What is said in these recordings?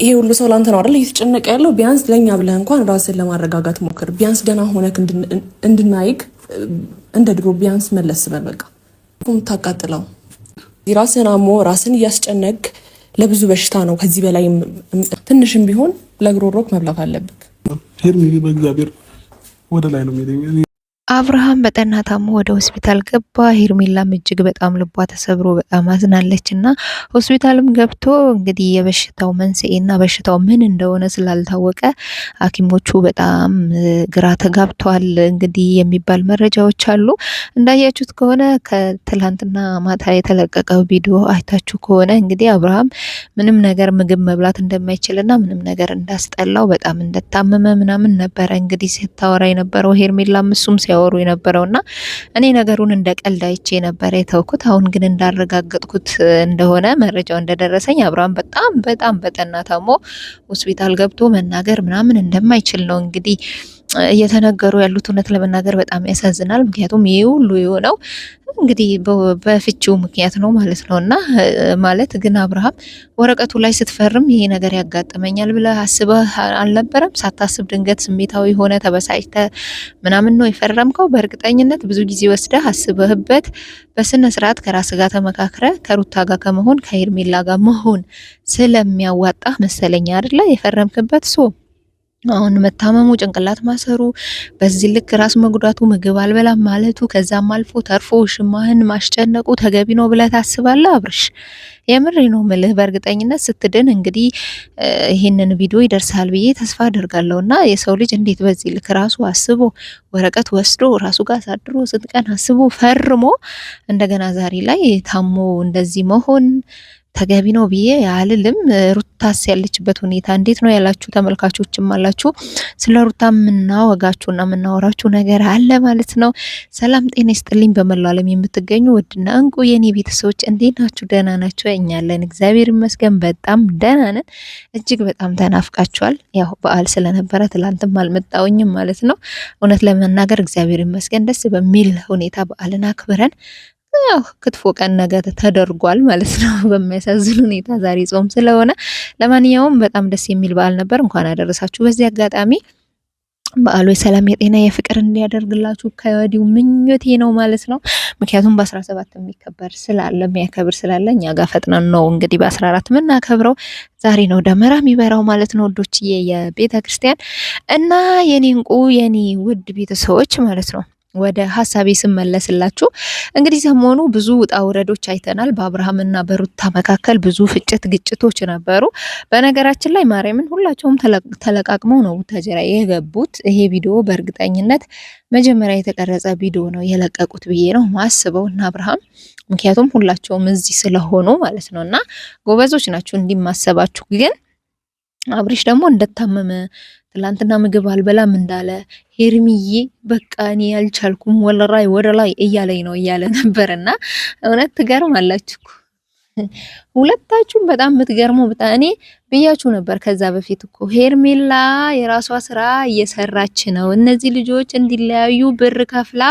ይሄ ሁሉ ሰው ላንተ ነው አይደል እየተጨነቀ ያለው? ቢያንስ ለእኛ ብለህ እንኳን ራስን ለማረጋጋት ሞክር። ቢያንስ ደህና ሆነክ እንድናይግ እንደ ድሮ ቢያንስ መለስ በል። በቃ የምታቃጥለው ራስህን አሞ ራስን እያስጨነቅ ለብዙ በሽታ ነው። ከዚህ በላይ ትንሽም ቢሆን ለግሮሮክ መብላት አለብህ። በእግዚአብሔር ወደ ላይ ነው የሚሄደኝ አብርሃም በጠና ታሞ ወደ ሆስፒታል ገባ። ሄርሜላም እጅግ በጣም ልቧ ተሰብሮ በጣም አዝናለች እና ሆስፒታልም ገብቶ እንግዲህ የበሽታው መንስኤና በሽታው ምን እንደሆነ ስላልታወቀ ሐኪሞቹ በጣም ግራ ተጋብተዋል። እንግዲህ የሚባል መረጃዎች አሉ። እንዳያችሁት ከሆነ ከትላንትና ማታ የተለቀቀው ቪዲዮ አይታችሁ ከሆነ እንግዲህ አብርሃም ምንም ነገር ምግብ መብላት እንደማይችልና ምንም ነገር እንዳስጠላው በጣም እንደታመመ ምናምን ነበረ እንግዲህ ስታወራ የነበረው ሄርሜላም እሱም ሲያወ ሲያወሩ የነበረው እና እኔ ነገሩን እንደ ቀልድ አይቼ ነበረ የተውኩት። አሁን ግን እንዳረጋገጥኩት እንደሆነ መረጃው እንደደረሰኝ አብርሃም በጣም በጣም በጠና ታሞ ሆስፒታል ገብቶ መናገር ምናምን እንደማይችል ነው እንግዲህ እየተነገሩ ያሉት እውነት ለመናገር በጣም ያሳዝናል። ምክንያቱም ይህ ሁሉ የሆነው እንግዲህ በፍቺው ምክንያት ነው ማለት ነው። እና ማለት ግን አብርሃም ወረቀቱ ላይ ስትፈርም ይሄ ነገር ያጋጥመኛል ብለህ አስበህ አልነበረም። ሳታስብ ድንገት ስሜታዊ ሆነ ተበሳጭተ ምናምን ነው የፈረምከው። በእርግጠኝነት ብዙ ጊዜ ወስደህ አስበህበት በስነ ስርዓት ከራስ ጋር ተመካክረ ከሩታ ጋር ከመሆን ከሄርሜላ ጋር መሆን ስለሚያዋጣ መሰለኛ አይደለ የፈረምክበት ሶ አሁን መታመሙ ጭንቅላት ማሰሩ በዚህ ልክ ራስ መጉዳቱ ምግብ አልበላም ማለቱ ከዛም አልፎ ተርፎ ሽማህን ማስጨነቁ ተገቢ ነው ብለህ ታስባለህ? አብርሽ የምሬ ነው ምልህ። በእርግጠኝነት ስትድን እንግዲህ ይህንን ቪዲዮ ይደርሳል ብዬ ተስፋ አደርጋለሁ። እና የሰው ልጅ እንዴት በዚህ ልክ ራሱ አስቦ ወረቀት ወስዶ ራሱ ጋር አሳድሮ ስንት ቀን አስቦ ፈርሞ እንደገና ዛሬ ላይ ታሞ እንደዚህ መሆን ተገቢ ነው ብዬ አልልም። ሩታስ ያለችበት ሁኔታ እንዴት ነው ያላችሁ ተመልካቾችም አላችሁ። ስለ ሩታ የምናወጋችሁና የምናወራችሁ ነገር አለ ማለት ነው። ሰላም ጤና ይስጥልኝ። በመላው ዓለም የምትገኙ ውድና እንቁ የኔ ቤተሰቦች እንዴት ናችሁ? ደህና ናቸው። እኛ እግዚአብሔር ይመስገን በጣም ደህና ነን። እጅግ በጣም ተናፍቃችኋል። ያው በዓል ስለነበረ ትላንትም አልመጣውኝም ማለት ነው። እውነት ለመናገር እግዚአብሔር ይመስገን ደስ በሚል ሁኔታ በዓልን አክብረን ክትፎ ቀን ነገ ተደርጓል ማለት ነው። በሚያሳዝን ሁኔታ ዛሬ ጾም ስለሆነ፣ ለማንኛውም በጣም ደስ የሚል በዓል ነበር። እንኳን አደረሳችሁ። በዚህ አጋጣሚ በዓሉ የሰላም የጤና የፍቅር እንዲያደርግላችሁ ከወዲሁ ምኞቴ ነው ማለት ነው። ምክንያቱም በአስራ ሰባት የሚከበር ስላለ የሚያከብር ስላለ እኛ ጋር ፈጥነን ነው እንግዲህ በአስራ አራት የምናከብረው ዛሬ ነው ደመራ የሚበራው ማለት ነው። ወዶችዬ የቤተ ክርስቲያን እና የኔ እንቁ የኔ ውድ ቤተሰቦች ማለት ነው ወደ ሀሳቤ ስመለስላችሁ እንግዲህ ሰሞኑ ብዙ ውጣ ውረዶች አይተናል። በአብርሃምና በሩታ መካከል ብዙ ፍጭት ግጭቶች ነበሩ። በነገራችን ላይ ማርያምን ሁላቸውም ተለቃቅመው ነው ቡታጀራ የገቡት። ይሄ ቪዲዮ በእርግጠኝነት መጀመሪያ የተቀረጸ ቪዲዮ ነው የለቀቁት ብዬ ነው ማስበው እና አብርሃም ምክንያቱም ሁላቸውም እዚህ ስለሆኑ ማለት ነው እና ጎበዞች ናቸው እንዲማሰባችሁ ግን አብሪሽ ደግሞ እንደታመመ ትላንትና ምግብ አልበላም እንዳለ ሄርሚዬ በቃ እኔ ያልቻልኩም ወለራይ ወደ ላይ እያለኝ ነው እያለ ነበር። እና እውነት አላችሁ ሁለታችሁም በጣም የምትገርመው በጣም እኔ ብያችሁ ነበር ከዛ በፊት እኮ ሄርሜላ የራሷ ስራ እየሰራች ነው። እነዚህ ልጆች እንዲለያዩ ብር ከፍላ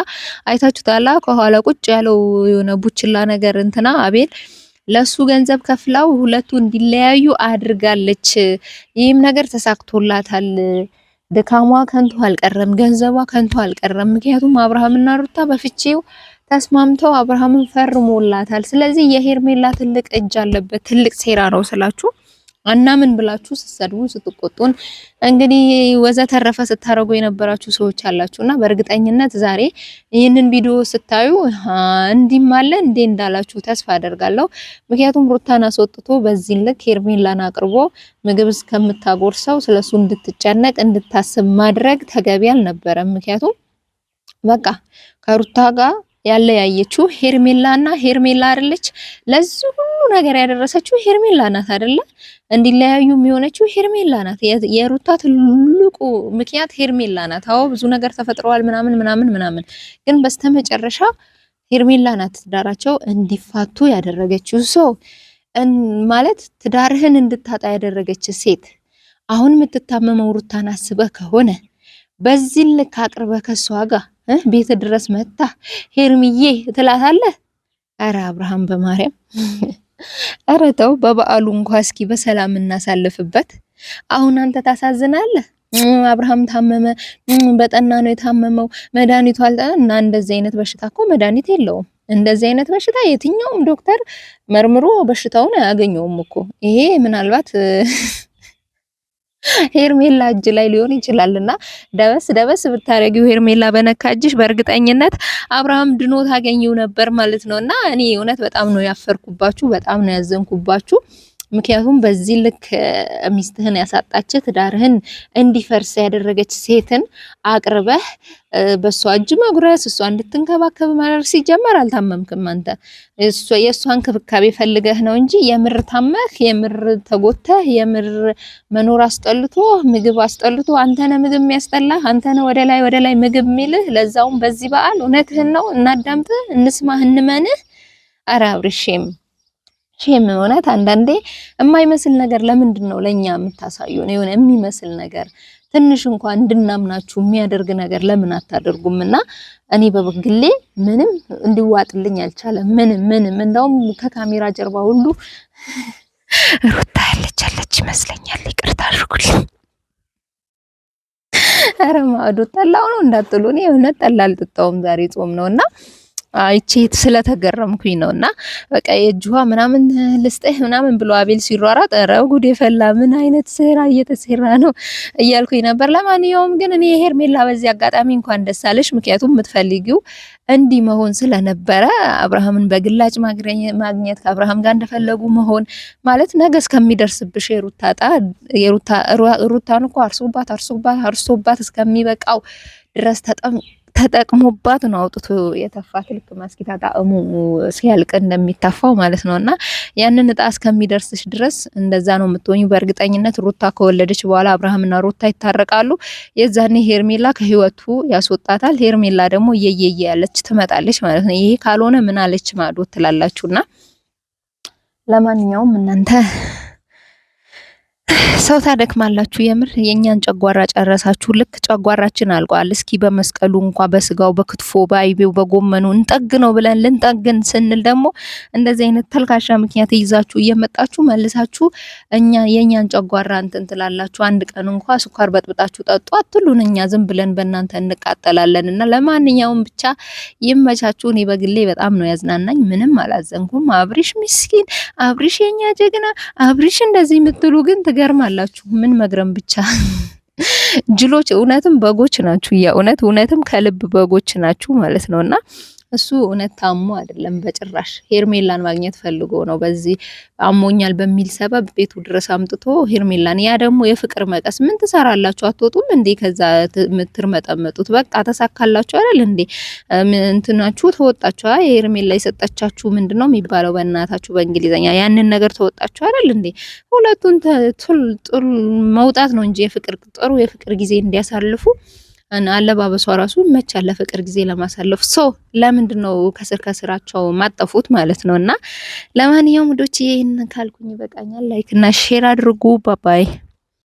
አይታችሁታላ። ከኋላ ቁጭ ያለው የሆነ ቡችላ ነገር እንትና አቤል ለሱ ገንዘብ ከፍላው ሁለቱ እንዲለያዩ አድርጋለች። ይህም ነገር ተሳክቶላታል። ድካሟ ከንቱ አልቀረም፣ ገንዘቧ ከንቱ አልቀረም። ምክንያቱም አብርሃምና ሩታ በፍቼው ተስማምተው አብርሃምን ፈርሞላታል። ስለዚህ የሄርሜላ ትልቅ እጅ አለበት፣ ትልቅ ሴራ ነው ስላችሁ አናምን ብላችሁ ስትሰድቡ ስትቆጡን፣ እንግዲህ ወዘተረፈ ስታረጉ የነበራችሁ ሰዎች አላችሁና በእርግጠኝነት ዛሬ ይህንን ቪዲዮ ስታዩ እንዲም አለ እንዴ እንዳላችሁ ተስፋ አደርጋለሁ። ምክንያቱም ሩታን አስወጥቶ በዚህ ልክ ሄርሜላን አቅርቦ ምግብ እስከምታጎርሰው ስለሱ እንድትጨነቅ እንድታስብ ማድረግ ተገቢ አልነበረም። ምክንያቱም በቃ ከሩታ ጋር ያለያየችው ሄርሜላና ሄርሜላ አይደለች። ለዚህ ሁሉ ነገር ያደረሰችው ሄርሜላ ናት አይደለ? እንዲለያዩ የሚሆነችው ሄርሜላ ናት። የሩታ ትልቁ ምክንያት ሄርሜላ ናት። አዎ ብዙ ነገር ተፈጥረዋል፣ ምናምን ምናምን ምናምን፣ ግን በስተመጨረሻ ሄርሜላ ናት ትዳራቸው እንዲፋቱ ያደረገችው ሰው ማለት ትዳርህን እንድታጣ ያደረገች ሴት። አሁን የምትታመመው ሩታን አስበህ ከሆነ በዚህ ልክ አቅርበህ ከሷ ጋር ቤት ድረስ መታ ሄርምዬ ትላታለህ። አረ አብርሃም በማርያም አረ ተው፣ በበዓሉ እንኳ እስኪ በሰላም እናሳልፍበት። አሁን አንተ ታሳዝናለህ። አብርሃም ታመመ፣ በጠና ነው የታመመው፣ መድኃኒቱ አልጠና እና እንደዚህ አይነት በሽታ እኮ መድኃኒት የለውም። እንደዚህ አይነት በሽታ የትኛውም ዶክተር መርምሮ በሽታውን አያገኘውም እኮ ይሄ ምናልባት ሄርሜላ እጅ ላይ ሊሆን ይችላል እና ደበስ ደበስ ብታረጊው ሄርሜላ በነካ እጅሽ በእርግጠኝነት አብርሃም ድኖ ታገኘው ነበር ማለት ነው። እና እኔ እውነት በጣም ነው ያፈርኩባችሁ፣ በጣም ነው ያዘንኩባችሁ። ምክንያቱም በዚህ ልክ ሚስትህን ያሳጣች ትዳርህን እንዲፈርስ ያደረገች ሴትን አቅርበህ በእሷ እጅ መጉረስ እሷ እንድትንከባከብ ማድረግ ሲጀመር አልታመምክም አንተ። የእሷ እንክብካቤ ፈልገህ ነው እንጂ የምር ታመህ የምር ተጎተህ የምር መኖር አስጠልቶ ምግብ አስጠልቶ አንተነ ምግብ የሚያስጠላህ አንተነ ወደ ላይ ወደ ላይ ምግብ የሚልህ ለዛውም በዚህ በዓል እውነትህን ነው። እናዳምጥህ፣ እንስማህ፣ እንመንህ። ኧረ አብርሽም መቼም እውነት አንዳንዴ የማይመስል ነገር ለምንድን ነው ለእኛ የምታሳዩን? የሆነ የሚመስል ነገር ትንሽ እንኳን እንድናምናችሁ የሚያደርግ ነገር ለምን አታደርጉም? እና እኔ በግሌ ምንም እንዲዋጥልኝ አልቻለም። ምንም ምንም እንደውም ከካሜራ ጀርባ ሁሉ ሩታ ያለች ያለች ይመስለኛል። ይቅርታ አድርጉልኝ። ኧረ ማዶ ጠላው ነው እንዳትሉ። እኔ እውነት ጠላ አልጠጣውም ዛሬ ጾም ነው እና አይቼ ስለተገረምኩኝ ነው። እና በቃ የእጅዋ ምናምን ልስጥህ ምናምን ብሎ አቤል ሲሯሯጥ ኧረ ጉድ የፈላ ምን አይነት ስራ እየተሰራ ነው እያልኩኝ ነበር። ለማንኛውም ግን እኔ ሄርሜላ በዚህ አጋጣሚ እንኳን ደስ አለሽ፣ ምክንያቱም የምትፈልጊው እንዲህ መሆን ስለነበረ አብርሃምን በግላጭ ማግኘት ከአብርሃም ጋር እንደፈለጉ መሆን ማለት ነገ እስከሚደርስብሽ የሩታጣ የሩታ ሩታን እኮ አርሶባት አርሶባት አርሶባት እስከሚበቃው ድረስ ተጠም ተጠቅሞባት ነው አውጥቶ የተፋት። ልክ ማስኪታ ጣዕሙ ሲያልቅ እንደሚታፋው ማለት ነው። እና ያንን እጣ እስከሚደርስሽ ድረስ እንደዛ ነው የምትሆኙ። በእርግጠኝነት ሩታ ከወለደች በኋላ አብርሃምና ሩታ ይታረቃሉ። የዛኔ ሄርሜላ ከህይወቱ ያስወጣታል። ሄርሜላ ደግሞ እየየየ ያለች ትመጣለች ማለት ነው። ይሄ ካልሆነ ምን አለች ማዶ ትላላችሁና፣ ለማንኛውም እናንተ ሰው ታደክማላችሁ። የምር የእኛን ጨጓራ ጨረሳችሁ። ልክ ጨጓራችን አልቋል። እስኪ በመስቀሉ እንኳ በስጋው፣ በክትፎ፣ በአይቤው፣ በጎመኑ እንጠግ ነው ብለን ልንጠግን ስንል ደግሞ እንደዚህ አይነት ተልካሻ ምክንያት ይዛችሁ እየመጣችሁ መልሳችሁ እኛ የእኛን ጨጓራ እንትን ትላላችሁ። አንድ ቀን እንኳ ስኳር በጥብጣችሁ ጠጡ አትሉን። እኛ ዝም ብለን በእናንተ እንቃጠላለን። እና ለማንኛውም ብቻ ይመቻችሁ። እኔ በግሌ በጣም ነው ያዝናናኝ። ምንም አላዘንኩም። አብሪሽ ምስኪን፣ አብሪሽ የእኛ ጀግና፣ አብሪሽ እንደዚህ የምትሉ ግን ትገርማል ታውቃላችሁ። ምን መግረም ብቻ ጅሎች፣ እውነትም በጎች ናችሁ። የእውነት እውነትም ከልብ በጎች ናችሁ ማለት ነው እና እሱ እውነት ታሞ አይደለም በጭራሽ። ሄርሜላን ማግኘት ፈልጎ ነው። በዚህ አሞኛል በሚል ሰበብ ቤቱ ድረስ አምጥቶ ሄርሜላን። ያ ደግሞ የፍቅር መቀስ። ምን ትሰራላችሁ? አትወጡም እንዴ? ከዛ የምትርመጠመጡት በቃ ተሳካላችሁ አይደል እንዴ? እንትናችሁ ተወጣችሁ። የሄርሜላ የሰጠቻችሁ ምንድን ነው የሚባለው በእናታችሁ በእንግሊዘኛ? ያንን ነገር ተወጣችሁ አይደል እንዴ? ሁለቱን መውጣት ነው እንጂ የፍቅር ጥሩ የፍቅር ጊዜ እንዲያሳልፉ አለባበሷ ራሱ መች ያለ ፍቅር ጊዜ ለማሳለፍ። ሰው ለምንድን ነው ከስር ከስራቸው ማጠፉት ማለት ነው። እና ለማንኛውም ውዶች ይህን ካልኩኝ ይበቃኛል። ላይክ እና ሼር አድርጉ። ባባይ